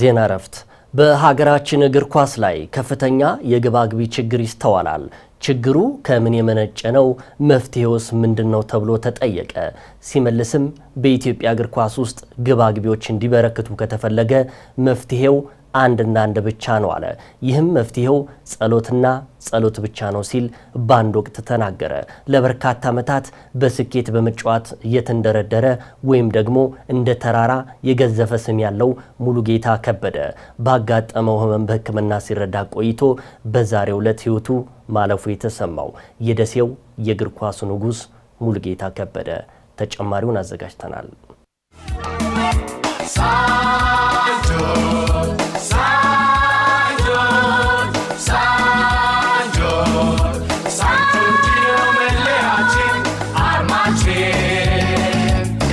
ዜና እረፍት። በሀገራችን እግር ኳስ ላይ ከፍተኛ የግባግቢ ችግር ይስተዋላል። ችግሩ ከምን የመነጨ ነው? መፍትሄውስ ምንድን ነው ተብሎ ተጠየቀ። ሲመልስም በኢትዮጵያ እግር ኳስ ውስጥ ግባግቢዎች እንዲበረክቱ ከተፈለገ መፍትሄው አንድና አንድ ብቻ ነው አለ። ይህም መፍትሄው ጸሎትና ጸሎት ብቻ ነው ሲል በአንድ ወቅት ተናገረ። ለበርካታ ዓመታት በስኬት በመጫወት የተንደረደረ ወይም ደግሞ እንደ ተራራ የገዘፈ ስም ያለው ሙሉጌታ ከበደ ባጋጠመው ሕመም በሕክምና ሲረዳ ቆይቶ በዛሬው ዕለት ሕይወቱ ማለፉ የተሰማው የደሴው የእግር ኳሱ ንጉሥ ሙሉጌታ ከበደ ተጨማሪውን አዘጋጅተናል።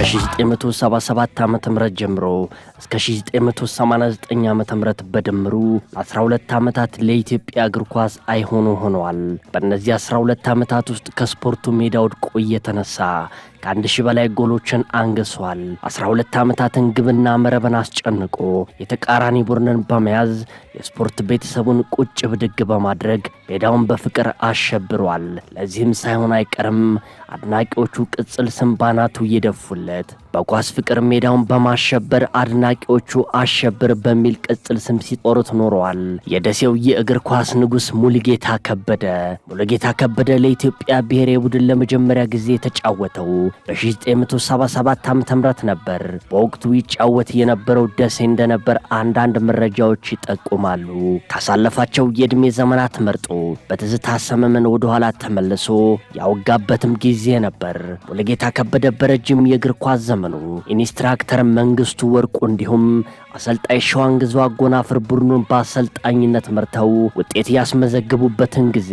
ከ1977 ዓ ም ጀምሮ እስከ 1989 ዓ ም በድምሩ 12 ዓመታት ለኢትዮጵያ እግር ኳስ አይሆኑ ሆኗል። በእነዚህ 12 ዓመታት ውስጥ ከስፖርቱ ሜዳ ወድቆ እየተነሳ ከአንድ ሺህ በላይ ጎሎችን አንግሷል። 12 ዓመታትን ግብና መረብን አስጨንቆ የተቃራኒ ቡድንን በመያዝ የስፖርት ቤተሰቡን ቁጭ ብድግ በማድረግ ሜዳውን በፍቅር አሸብሯል። ለዚህም ሳይሆን አይቀርም አድናቂዎቹ ቅጽል ስም ባናቱ እየደፉለት Zeit. በኳስ ፍቅር ሜዳውን በማሸበር አድናቂዎቹ አሸብር በሚል ቅጽል ስም ሲጦሩት ኖረዋል። የደሴው የእግር ኳስ ንጉሥ ሙሉጌታ ከበደ ሙሉጌታ ከበደ ለኢትዮጵያ ብሔራዊ ቡድን ለመጀመሪያ ጊዜ የተጫወተው በ1977 ዓ ም ነበር። በወቅቱ ይጫወት የነበረው ደሴ እንደነበር አንዳንድ መረጃዎች ይጠቁማሉ። ካሳለፋቸው የዕድሜ ዘመናት መርጦ በትዝታ ሰመመን ወደኋላ ተመልሶ ያወጋበትም ጊዜ ነበር። ሙሉጌታ ከበደ በረጅም የእግር ኳስ ታመኑ። ኢንስትራክተር መንግስቱ ወርቁ እንዲሁም አሰልጣኝ ሸዋን ግዛው አጎናፍር ቡድኑን በአሰልጣኝነት መርተው ውጤት ያስመዘግቡበትን ጊዜ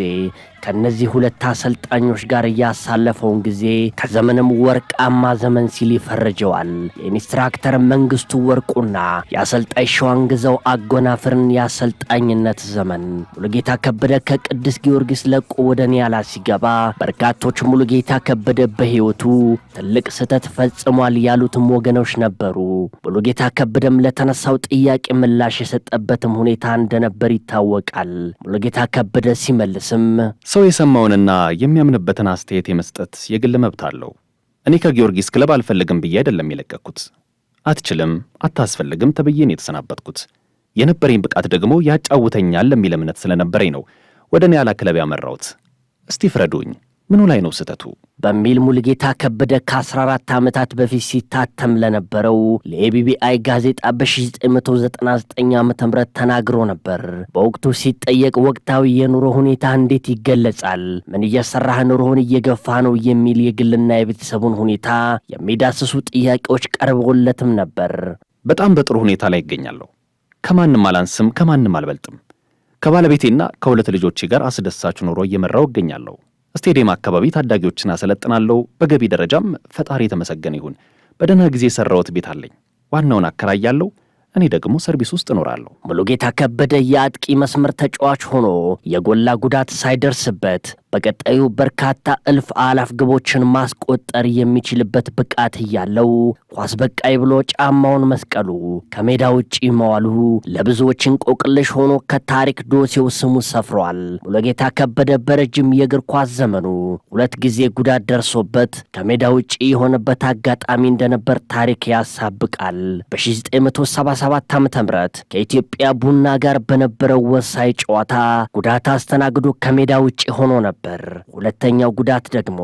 ከእነዚህ ሁለት አሰልጣኞች ጋር እያሳለፈውን ጊዜ ከዘመንም ወርቃማ ዘመን ሲል ይፈርጀዋል። የኢንስትራክተር መንግስቱ ወርቁና የአሰልጣኝ ሸዋን ግዛው አጎናፍርን የአሰልጣኝነት ዘመን ሙሉጌታ ከበደ ከቅዱስ ጊዮርጊስ ለቆ ወደ ኒያላ ሲገባ በርካቶች ሙሉጌታ ከበደ በሕይወቱ ትልቅ ስህተት ፈጽሟል ይሆናል ያሉትም ወገኖች ነበሩ። ሙሉጌታ ከበደም ለተነሳው ጥያቄ ምላሽ የሰጠበትም ሁኔታ እንደነበር ይታወቃል። ሙሉጌታ ከበደ ሲመልስም ሰው የሰማውንና የሚያምንበትን አስተያየት የመስጠት የግል መብት አለው። እኔ ከጊዮርጊስ ክለብ አልፈልግም ብዬ አይደለም የለቀኩት። አትችልም፣ አታስፈልግም ተብዬን የተሰናበትኩት የነበረኝ ብቃት ደግሞ ያጫውተኛል ለሚል እምነት ስለነበረኝ ነው ወደ ኒያላ ክለብ ያመራሁት። እስቲ ፍረዱኝ፣ ምኑ ላይ ነው ስህተቱ? በሚል ሙልጌታ ከበደ ከ14 ዓመታት በፊት ሲታተም ለነበረው ለኤቢቢአይ ጋዜጣ በ1999 ዓ ም ተናግሮ ነበር። በወቅቱ ሲጠየቅ ወቅታዊ የኑሮ ሁኔታ እንዴት ይገለጻል? ምን እየሰራህ ኑሮህን እየገፋ ነው? የሚል የግልና የቤተሰቡን ሁኔታ የሚዳስሱ ጥያቄዎች ቀርበውለትም ነበር። በጣም በጥሩ ሁኔታ ላይ ይገኛለሁ። ከማንም አላንስም፣ ከማንም አልበልጥም። ከባለቤቴና ከሁለት ልጆቼ ጋር አስደሳች ኑሮ እየመራው እገኛለሁ። ስቴዲየም አካባቢ ታዳጊዎችን አሰለጥናለሁ። በገቢ ደረጃም ፈጣሪ የተመሰገነ ይሁን። በደህና ጊዜ የሰራሁት ቤት አለኝ። ዋናውን አከራያለሁ። እኔ ደግሞ ሰርቪስ ውስጥ እኖራለሁ። ሙሉጌታ ከበደ የአጥቂ መስመር ተጫዋች ሆኖ የጎላ ጉዳት ሳይደርስበት በቀጣዩ በርካታ እልፍ አላፍ ግቦችን ማስቆጠር የሚችልበት ብቃት እያለው ኳስ በቃይ ብሎ ጫማውን መስቀሉ ከሜዳ ውጪ መዋሉ ለብዙዎች እንቆቅልሽ ሆኖ ከታሪክ ዶሴው ስሙ ሰፍሯል። ሙሉጌታ ከበደ በረጅም የእግር ኳስ ዘመኑ ሁለት ጊዜ ጉዳት ደርሶበት ከሜዳ ውጪ የሆነበት አጋጣሚ እንደነበር ታሪክ ያሳብቃል። በ1977 ዓ ም ከኢትዮጵያ ቡና ጋር በነበረው ወሳኝ ጨዋታ ጉዳት አስተናግዶ ከሜዳ ውጪ ሆኖ ነበር። ነበር። ሁለተኛው ጉዳት ደግሞ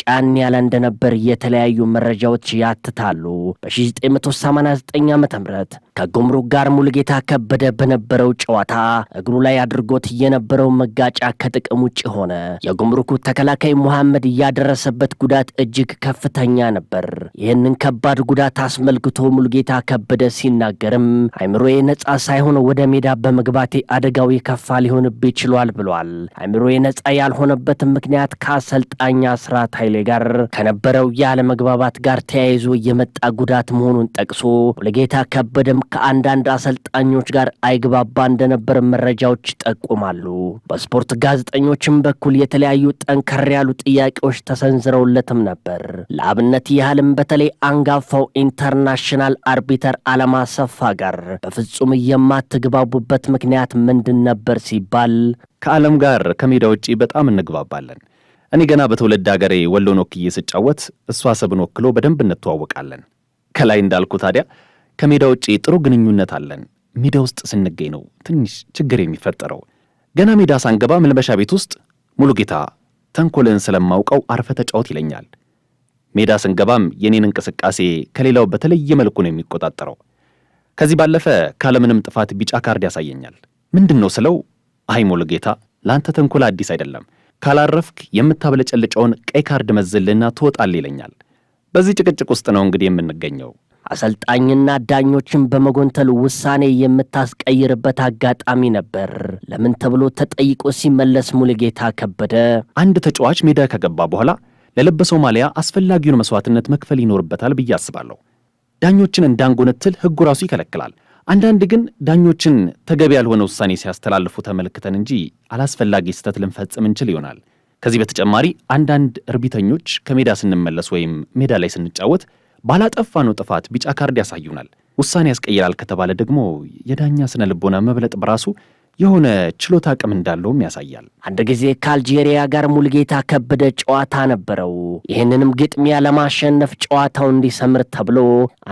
ጫን ያለ እንደነበር የተለያዩ መረጃዎች ያትታሉ። በ1989 ዓ ም ከጉምሩክ ጋር ሙሉጌታ ከበደ በነበረው ጨዋታ እግሩ ላይ አድርጎት የነበረው መጋጫ ከጥቅም ውጭ ሆነ። የጉምሩኩ ተከላካይ ሙሐመድ ያደረሰበት ጉዳት እጅግ ከፍተኛ ነበር። ይህንን ከባድ ጉዳት አስመልክቶ ሙሉጌታ ከበደ ሲናገርም አይምሮዬ ነፃ ሳይሆን ወደ ሜዳ በመግባቴ አደጋው የከፋ ሊሆንብ ችሏል ብሏል። አይምሮዬ ነፃ ያልሆነበት ምክንያት ስራ ታይ ኃይሌ ጋር ከነበረው የአለመግባባት ጋር ተያይዞ የመጣ ጉዳት መሆኑን ጠቅሶ ሙሉጌታ ከበደም ከአንዳንድ አሰልጣኞች ጋር አይግባባ እንደነበር መረጃዎች ይጠቁማሉ። በስፖርት ጋዜጠኞችም በኩል የተለያዩ ጠንከር ያሉ ጥያቄዎች ተሰንዝረውለትም ነበር። ለአብነት ያህልም በተለይ አንጋፋው ኢንተርናሽናል አርቢተር አለማ ሰፋ ጋር በፍጹም የማትግባቡበት ምክንያት ምንድን ነበር ሲባል ከዓለም ጋር ከሜዳ ውጪ በጣም እንግባባለን እኔ ገና በትውልድ ሀገሬ ወሎን ወክዬ ስጫወት እሷ አሰብን ወክሎ በደንብ እንተዋወቃለን። ከላይ እንዳልኩ ታዲያ ከሜዳ ውጪ ጥሩ ግንኙነት አለን። ሜዳ ውስጥ ስንገኝ ነው ትንሽ ችግር የሚፈጠረው። ገና ሜዳ ሳንገባ መልበሻ ቤት ውስጥ ሙሉ ጌታ ተንኮልን ስለማውቀው አርፈ ተጫወት ይለኛል። ሜዳ ስንገባም የኔን እንቅስቃሴ ከሌላው በተለየ መልኩ ነው የሚቆጣጠረው። ከዚህ ባለፈ ካለምንም ጥፋት ቢጫ ካርድ ያሳየኛል። ምንድን ነው ስለው፣ አይ ሙሉ ጌታ ለአንተ ተንኮል አዲስ አይደለም ካላረፍክ የምታብለጨልጨውን ቀይ ካርድ መዝልና ትወጣል ይለኛል። በዚህ ጭቅጭቅ ውስጥ ነው እንግዲህ የምንገኘው። አሰልጣኝና ዳኞችን በመጎንተል ውሳኔ የምታስቀይርበት አጋጣሚ ነበር። ለምን ተብሎ ተጠይቆ ሲመለስ ሙሉጌታ ከበደ አንድ ተጫዋች ሜዳ ከገባ በኋላ ለለበሰው ማሊያ አስፈላጊውን መስዋዕትነት መክፈል ይኖርበታል ብዬ አስባለሁ። ዳኞችን እንዳንጎነትል ሕጉ ራሱ ይከለክላል። አንዳንድ ግን ዳኞችን ተገቢ ያልሆነ ውሳኔ ሲያስተላልፉ ተመልክተን እንጂ አላስፈላጊ ስህተት ልንፈጽም እንችል ይሆናል። ከዚህ በተጨማሪ አንዳንድ እርቢተኞች ከሜዳ ስንመለስ ወይም ሜዳ ላይ ስንጫወት ባላጠፋነው ጥፋት ቢጫ ካርድ ያሳዩናል። ውሳኔ ያስቀይራል ከተባለ ደግሞ የዳኛ ስነ ልቦና መብለጥ በራሱ የሆነ ችሎታ አቅም እንዳለውም ያሳያል። አንድ ጊዜ ከአልጄሪያ ጋር ሙልጌታ ከበደ ጨዋታ ነበረው። ይህንንም ግጥሚያ ለማሸነፍ ጨዋታው እንዲሰምር ተብሎ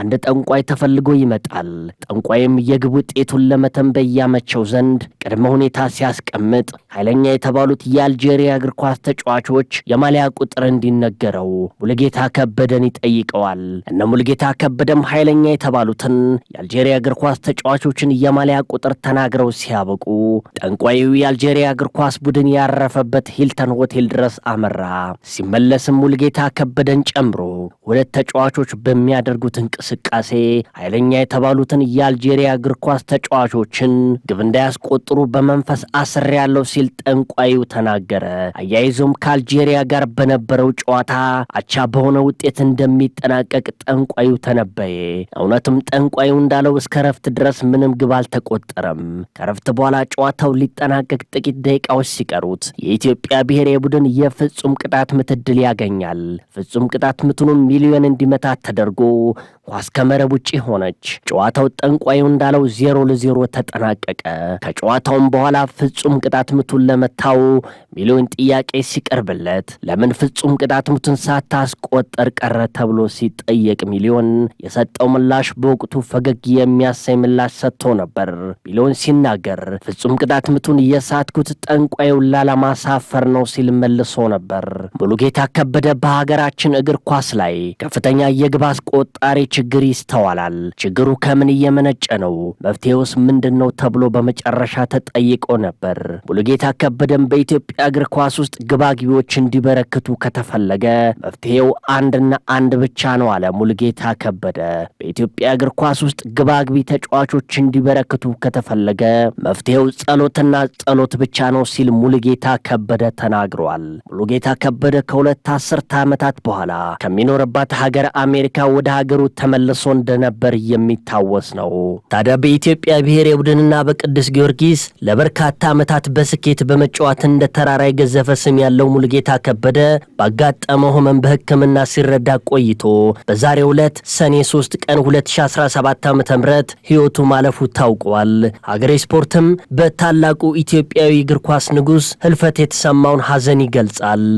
አንድ ጠንቋይ ተፈልጎ ይመጣል። ጠንቋይም የግብ ውጤቱን ለመተንበይ ያመቸው ዘንድ ቅድመ ሁኔታ ሲያስቀምጥ ኃይለኛ የተባሉት የአልጄሪያ እግር ኳስ ተጫዋቾች የማሊያ ቁጥር እንዲነገረው ሙልጌታ ከበደን ይጠይቀዋል። እነ ሙልጌታ ከበደም ኃይለኛ የተባሉትን የአልጄሪያ እግር ኳስ ተጫዋቾችን የማሊያ ቁጥር ተናግረው ሲያበቁ ጠንቋዩ የአልጄሪያ እግር ኳስ ቡድን ያረፈበት ሂልተን ሆቴል ድረስ አመራ። ሲመለስም ሙልጌታ ከበደን ጨምሮ ሁለት ተጫዋቾች በሚያደርጉት እንቅስቃሴ ኃይለኛ የተባሉትን የአልጄሪያ እግር ኳስ ተጫዋቾችን ግብ እንዳያስቆጥሩ በመንፈስ አስር ያለው ሲል ጠንቋዩ ተናገረ። አያይዞም ከአልጄሪያ ጋር በነበረው ጨዋታ አቻ በሆነ ውጤት እንደሚጠናቀቅ ጠንቋዩ ተነበየ። እውነትም ጠንቋዩ እንዳለው እስከ ረፍት ድረስ ምንም ግብ አልተቆጠረም። ከረፍት በኋላ ጨዋታው ሊጠናቀቅ ጥቂት ደቂቃዎች ሲቀሩት የኢትዮጵያ ብሔራዊ ቡድን የፍጹም ቅጣት ምት ዕድል ያገኛል። ፍጹም ቅጣት ምቱንም ሚሊዮን እንዲመታት ተደርጎ ኳስ ከመረብ ውጪ ሆነች። ጨዋታው ጠንቋዩ እንዳለው ዜሮ ለዜሮ ተጠናቀቀ። ከጨዋታውም በኋላ ፍጹም ቅጣት ምቱን ለመታው ሚሊዮን ጥያቄ ሲቀርብለት ለምን ፍጹም ቅጣት ምቱን ሳታስቆጠር ቀረ ተብሎ ሲጠየቅ ሚሊዮን የሰጠው ምላሽ በወቅቱ ፈገግ የሚያሳይ ምላሽ ሰጥቶ ነበር። ሚሊዮን ሲናገር ፍጹም ቅጣት ምቱን እየሳትኩት ጠንቋዩን ላለማሳፈር ነው ሲል መልሶ ነበር። ሙሉጌታ ከበደ በሀገራችን እግር ኳስ ላይ ከፍተኛ የግብ አስቆጣሪ ችግር ይስተዋላል። ችግሩ ከምን እየመነጨ ነው? መፍትሄውስ ምንድን ነው ተብሎ በመጨረሻ ተጠይቆ ነበር። ሙሉጌታ ከበደም በኢትዮጵያ እግር ኳስ ውስጥ ግባግቢዎች እንዲበረክቱ ከተፈለገ መፍትሄው አንድና አንድ ብቻ ነው አለ ሙሉጌታ ከበደ። በኢትዮጵያ እግር ኳስ ውስጥ ግባግቢ ተጫዋቾች እንዲበረክቱ ከተፈለገ መፍትሄው ጸሎትና ጸሎት ብቻ ነው ሲል ሙሉጌታ ከበደ ተናግሯል። ሙሉጌታ ከበደ ከሁለት አስርተ ዓመታት በኋላ ከሚኖርባት ሀገር አሜሪካ ወደ ሀገሩ ተ ተመልሶ እንደነበር የሚታወስ ነው። ታዲያ በኢትዮጵያ ብሔራዊ ቡድንና በቅዱስ ጊዮርጊስ ለበርካታ ዓመታት በስኬት በመጫወት እንደ ተራራ የገዘፈ ስም ያለው ሙሉጌታ ከበደ ባጋጠመው ሕመም በሕክምና ሲረዳ ቆይቶ በዛሬው ዕለት ሰኔ 3 ቀን 2017 ዓ ም ሕይወቱ ማለፉ ታውቋል። አገሬ ስፖርትም በታላቁ ኢትዮጵያዊ እግር ኳስ ንጉሥ ህልፈት የተሰማውን ሐዘን ይገልጻል።